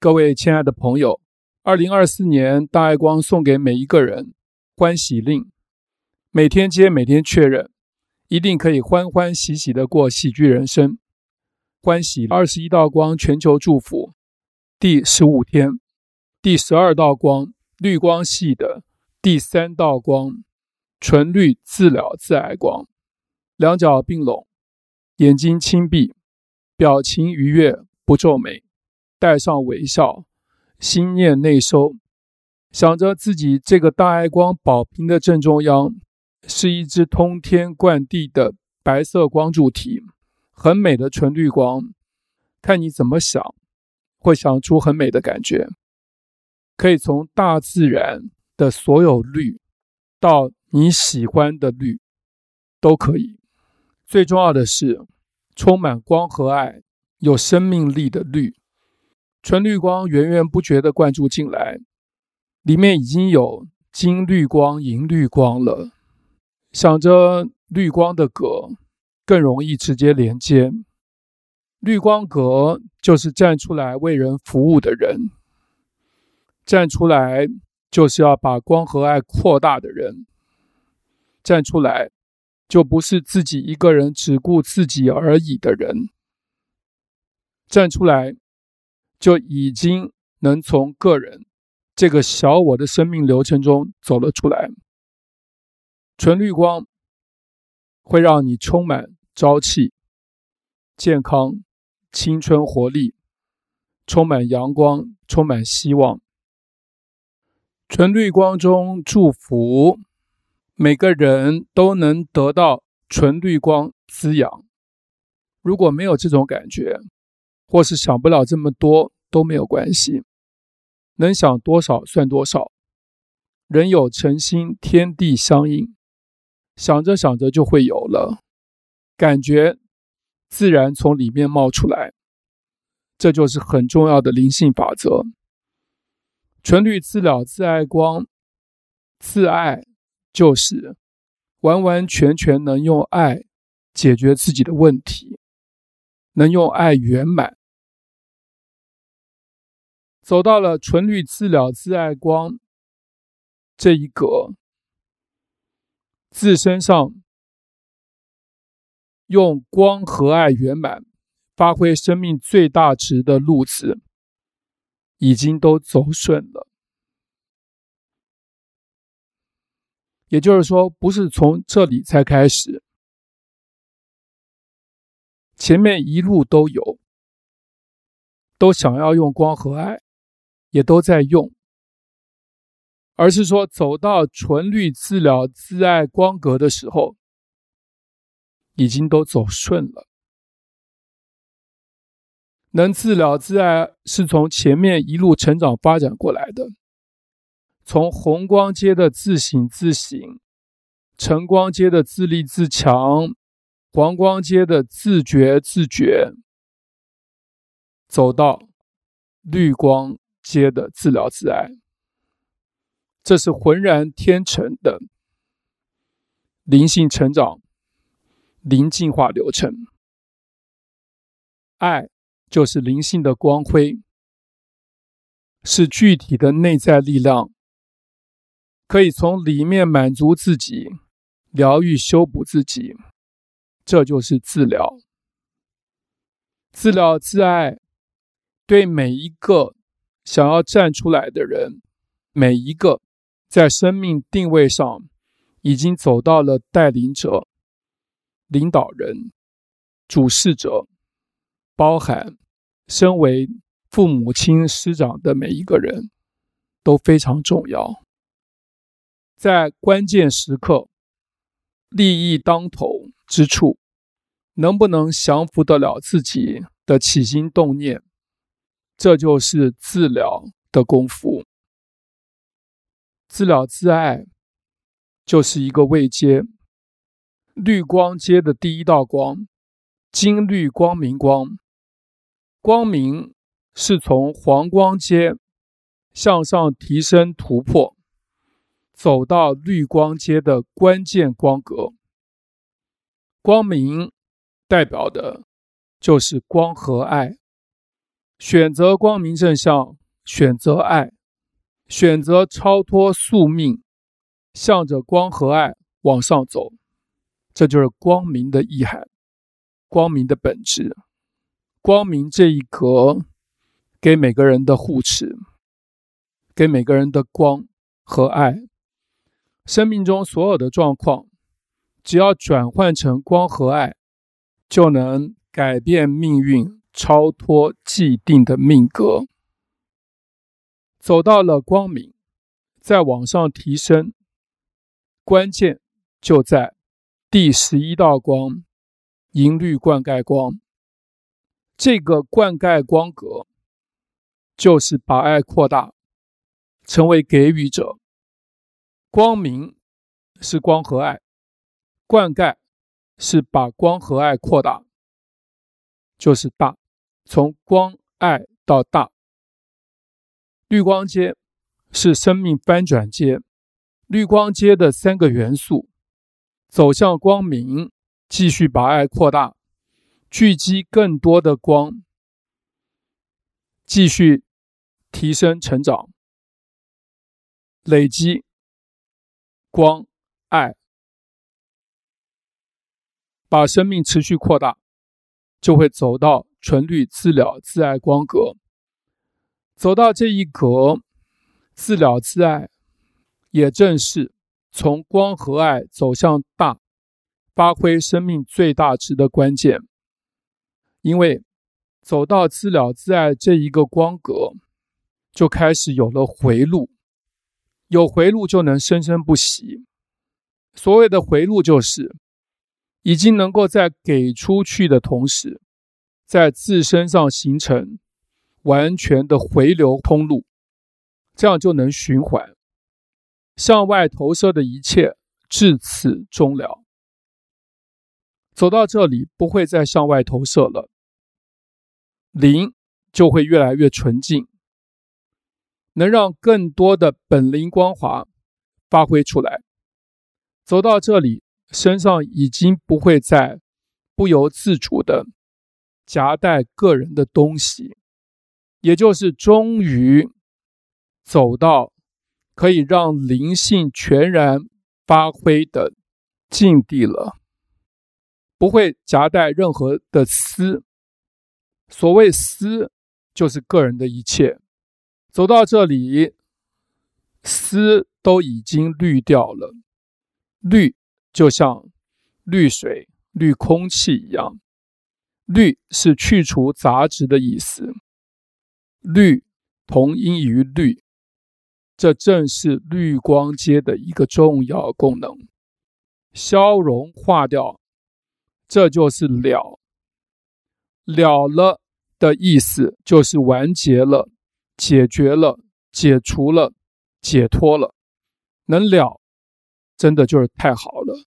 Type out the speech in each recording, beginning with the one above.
各位親愛的朋友，二零二四年大愛光送給每一個人歡喜令，每天接，每天確認，一定可以歡歡喜喜的過喜劇人生。歡喜二十一道光全球祝福，第十五天，第十二道光綠光系的第三道光純綠自了自愛光，兩腳併攏，眼睛輕閉，表情愉悅，不皺眉。帶上微笑，心念內收，想着自己這個大愛光寶瓶的正中央，是一支通天貫地的白色光柱體，很美的純綠光。看你怎麼想，會想出很美的感覺。可以從大自然的所有綠，到你喜歡的綠，都可以。最重要的是，充滿光和愛、有生命力的綠。純綠光源源不絕地灌注進來，裡面已經有金綠光、銀綠光了。想着綠光的格更容易直接連接，綠光格就是站出來為人服務的人，站出來就是要把光和愛擴大的人，站出來就不是自己一個人只顧自己而已的人，站出來，就已經能從個人這個小我的生命流程中走了出來。純綠光會讓你充滿朝氣、健康、青春活力，充滿陽光，充滿希望。純綠光中祝福，每個人都能得到純綠光滋養。如果沒有這種感覺，或是想不了這麼多都沒有關係，能想多少算多少。人有誠心，天地相應，想着想着就會有了，感覺自然從裡面冒出來。這就是很重要的靈性法則。純綠自了，自愛光，自愛就是完完全全能用愛解決自己的問題，能用愛圓滿。走到了純綠自了自愛光這一格自身上，用光和愛圓滿發揮生命最大值的路子，已經都走順了。也就是說，不是從這裡才開始，前面一路都有，都想要用光和愛。也都在用，而是說走到純綠自了自愛光格的時候，已經都走順了。能自了自愛，是從前面一路成長發展過來的，從紅光階，的自省自省，橙光階的自立自強，黃光階的自覺自覺，走到綠光。接的自了自愛，這是渾然天成的靈性成長、靈進化流程。愛就是靈性的光輝，是具體的內在力量，可以從裡面滿足自己、療癒、修補自己。這就是自了、自了、自愛，對每一個。想要站出來的人，每一個在生命定位上已經走到了帶領者、領導人、主事者，包含身為父母親師長的每一個人，都非常重要。在關鍵時刻，利益當頭之處，能不能降伏得了自己的起心動念？這就是自了的功夫。自了自愛，就是一個位階，綠光階的第一道光，金綠光明光。光明是從黃光階向上提升突破，走到綠光階的關鍵光格。光明代表的，就是光和愛。選擇光明正向，選擇愛，選擇超脫宿命，向着光和愛往上走，這就是光明的意涵，光明的本質，光明這一格給每個人的護持，給每個人的光和愛，生命中所有的狀況，只要轉換成光和愛，就能改變命運。超脫既定的命格，走到了光明，再往上提升。關鍵就在第十一道光——銀綠灌溉光。這個灌溉光格，就是把愛擴大，成為給予者。光明是光和愛，灌溉是把光和愛擴大，就是大。從光愛到大，綠光階是生命翻轉階。綠光階的三個元素，走向光明，繼續把愛擴大，聚集更多的光，繼續提升成長，累積光愛，把生命持續擴大，就會走到。純綠自了自愛光格，走到這一格，自了自愛，也正是從光和愛走向大，發揮生命最大值的關鍵。因為走到自了自愛這一個光格，就開始有了回路，有回路就能生生不息。所謂的回路，就是已經能夠在給出去的同時。在自身上形成完全的回流通路，這樣就能循環。向外投射的一切至此終了，走到這裡不會再向外投射了。靈就會越來越純淨，能讓更多的本靈光華發揮出來。走到這裡，身上已經不會再不由自主的。夾帶個人的東西，也就是終於走到可以讓靈性全然發揮的境地了。不會夾帶任何的私。所謂私，就是個人的一切。走到這裡，私都已經濾掉了。濾就像濾水、濾空氣一樣。濾是去除雜質的意思，濾同音於綠，這正是綠光階的一個重要功能，消融化掉，這就是了。了了的意思，就是完結了，解決了，解除了，解脫了，能了，真的就是太好了，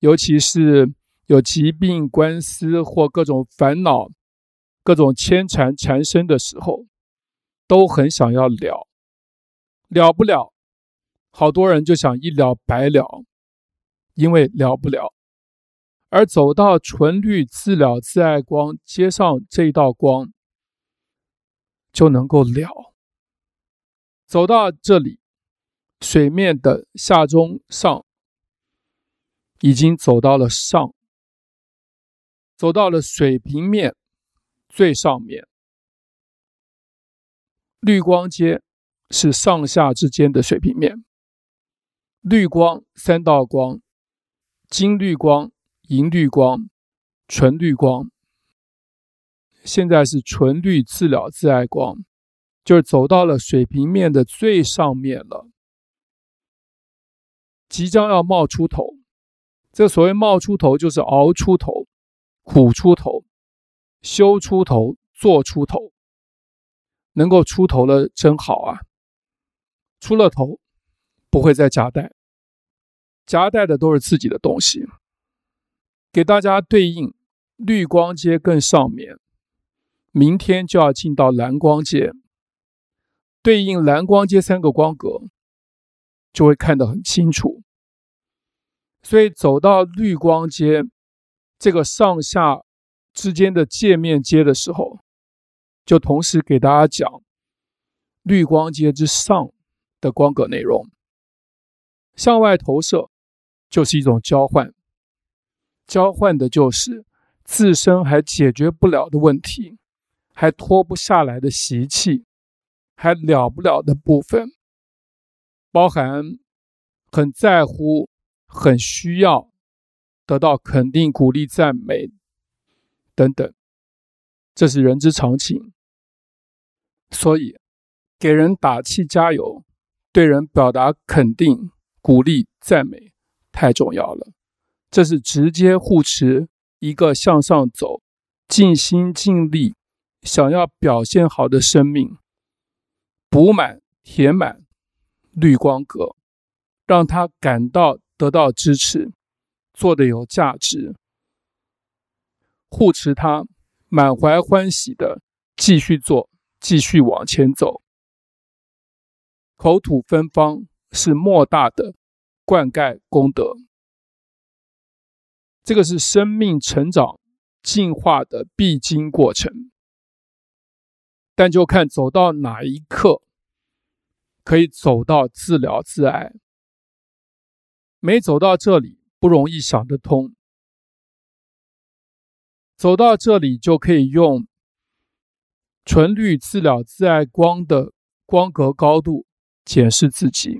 尤其是。有疾病、官司或各種煩惱、各種牽纏纏身的時候，都很想要了，了不了，好多人就想一了百了，因為了不了，而走到純綠自了自愛光，接上這一道光，就能夠了。走到這裡，水面的下中上，已經走到了上。走到了水平面最上面，綠光階是上下之間的水平面。綠光三道光，金綠光、銀綠光、純綠光。現在是純綠自了自愛光，就是走到了水平面的最上面了，即將要冒出頭。這所謂冒出頭，就是熬出頭。苦出頭，修出頭，做出頭，能夠出頭了真好啊！出了頭，不會再夾帶，夾帶的都是自己的東西。給大家對應綠光階更上面，明天就要進到藍光階，對應藍光階三個光格，就會看得很清楚。所以走到綠光階。這個上下之間的界面接的時候，就同時給大家講綠光階之上的光格內容。向外投射就是一種交換，交換的就是自身還解決不了的問題，還脫不下來的習氣，還了不了的部分，包含很在乎、很需要。得到肯定、鼓勵、讚美等等，這是人之常情。所以，給人打氣、加油，對人表達肯定、鼓勵、讚美，太重要了。這是直接護持一個向上走、盡心盡力、想要表現好的生命，補滿、填滿綠光格，讓他感到得到支持。做的有價值，護持他，滿懷歡喜的繼續做繼續往前走，口吐芬芳是莫大的灌溉功德。這個是生命成長進化的必經過程，但就看走到哪一刻，可以走到自了自愛，沒走到這裡。不容易想得通，走到這裡就可以用純綠自了自愛光的光格高度檢視自己。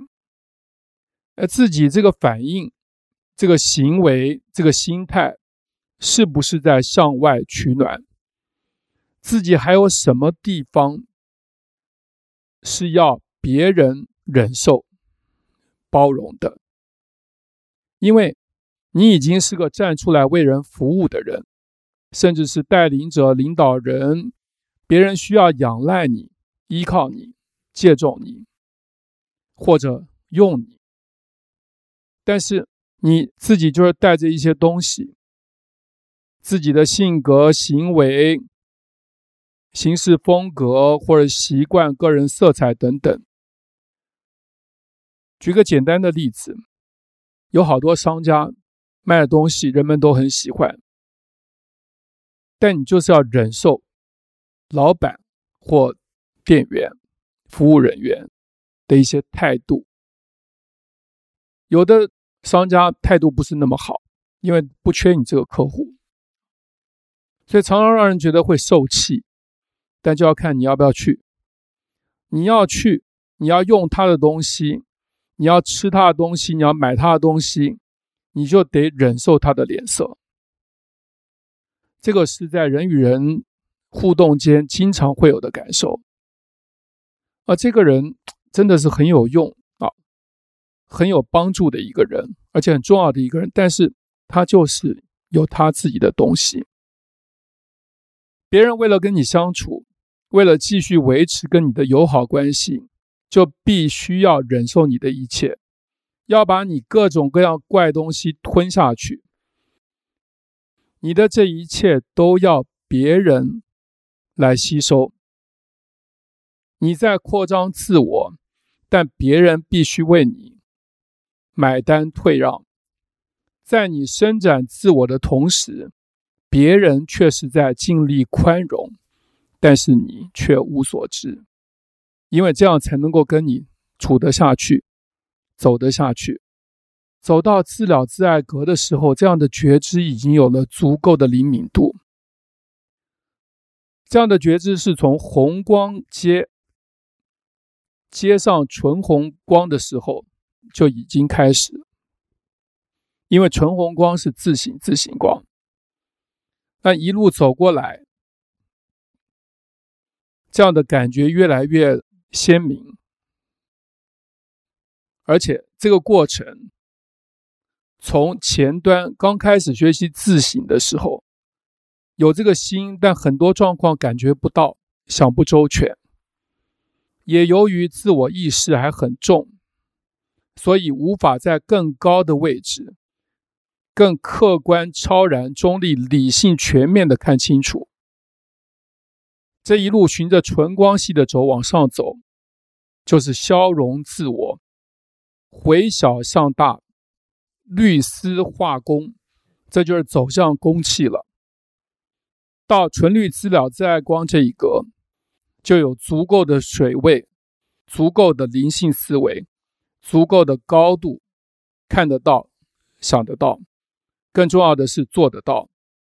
呃，自己這個反應、這個行為、這個心態，是不是在向外取暖？自己還有什麼地方是要別人忍受、包容的？因為。你已經是個站出來為人服務的人，甚至是帶領者、領導人，別人需要仰賴你、依靠你、借重你，或者用你。但是你自己就是帶着一些東西，自己的性格、行為、行事風格或者習慣、個人色彩等等。舉個簡單的例子，有好多商家。賣的東西人們都很喜歡，但你就是要忍受老闆或店員、服務人員的一些態度。有的商家態度不是那麼好，因為不缺你這個客戶，所以常常讓人覺得會受氣。但就要看你要不要去，你要去，你要用他的東西，你要吃他的東西，你要買他的東西。你就得忍受他的臉色，這個是在人與人互動間經常會有的感受。而，啊，這個人真的是很有用啊，很有幫助的一個人，而且很重要的一個人，但是他就是有他自己的東西。別人為了跟你相處，為了繼續維持跟你的友好關係，就必須要忍受你的一切。要把你各種各樣怪東西吞下去，你的這一切都要別人來吸收。你在擴張自我，但別人必須為你買單退讓。在你伸展自我的同時，別人卻是在盡力寬容，但是你卻無所知，因為這樣才能夠跟你處得下去。走得下去，走到自了自愛格的時候，這樣的覺知已經有了足夠的靈敏度。這樣的覺知是從紅光接，接上純紅光的時候就已經開始，因為純紅光是自性自性光。但一路走過來，這樣的感覺越來越鮮明。而且這個過程，從前端剛開始學習自省的時候，有這個心，但很多狀況感覺不到，想不周全，也由於自我意識還很重，所以無法在更高的位置，更客觀、超然、中立、理性、全面的看清楚。這一路循着純光系的軸往上走，就是消融自我。回小向大，綠絲化工，這就是走向工器了。到純綠自了、自愛光這一格，就有足夠的水位，足夠的靈性思維，足夠的高度，看得到，想得到，更重要的是做得到，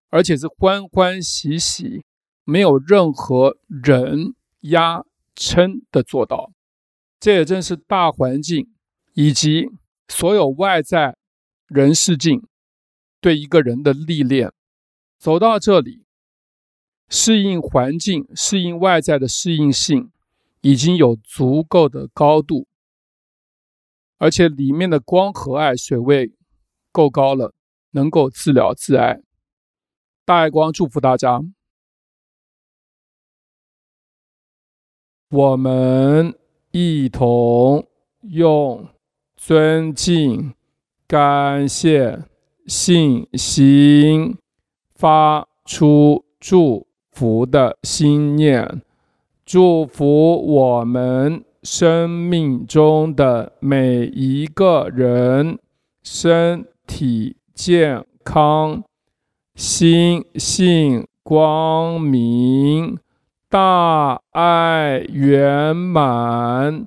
而且是歡歡喜喜，沒有任何人壓撐的做到。這也正是大環境。以及所有外在人事境對一個人的歷練，走到這裡，適應環境、適應外在的適應性，已經有足夠的高度，而且裡面的光和愛水位夠高了，能夠自了自愛。大愛光祝福大家，我們一同用，尊敬、感謝、信心，發出祝福的心念，祝福我們生命中的每一個人，身體健康，心性光明，大愛圓滿。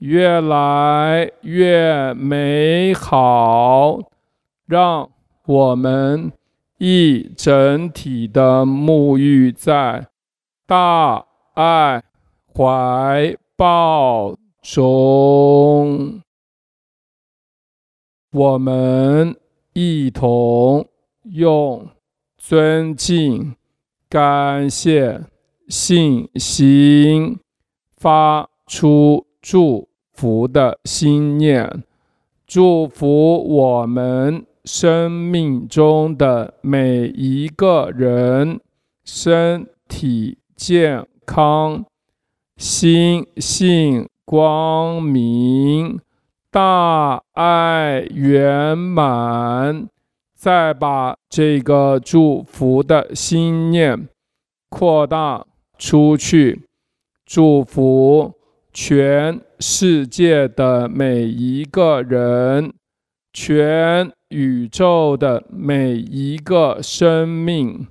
越來越美好，讓我們一整體的沐浴在大愛懷抱中。我們一同用尊敬、感謝、信心發出祝福，福的心念，祝福我們生命中的每一個人，身體健康，心性光明，大愛圓滿。再把這個祝福的心念擴大出去，祝福全。世界的每一個人，全宇宙的每一個生命，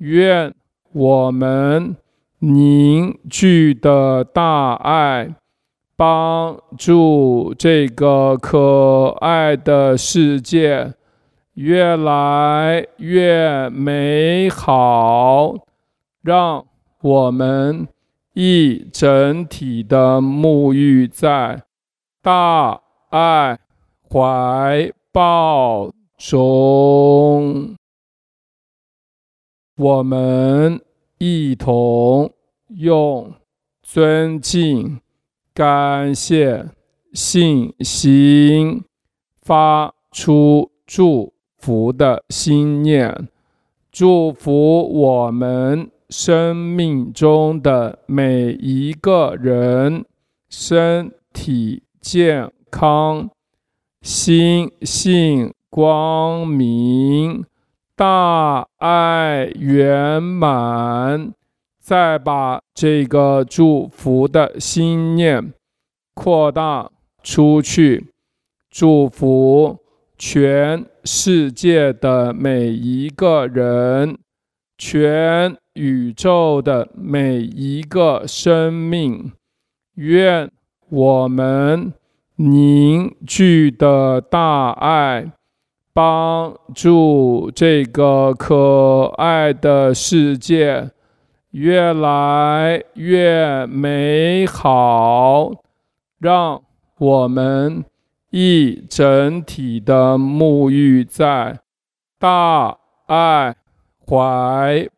願我們凝聚的大愛，幫助這個可愛的世界越來越美好，讓我們。一整體的沐浴在大愛懷抱中，我們一同用尊敬、感謝、信心發出祝福的心念，祝福我們。生命中的每一個人，身體健康，心性光明，大愛圓滿。再把這個祝福的心念擴大出去，祝福全世界的每一個人，全。宇宙的每一個生命，願我們凝聚的大愛，幫助這個可愛的世界越來越美好，讓我們一整體的沐浴在大愛懷抱。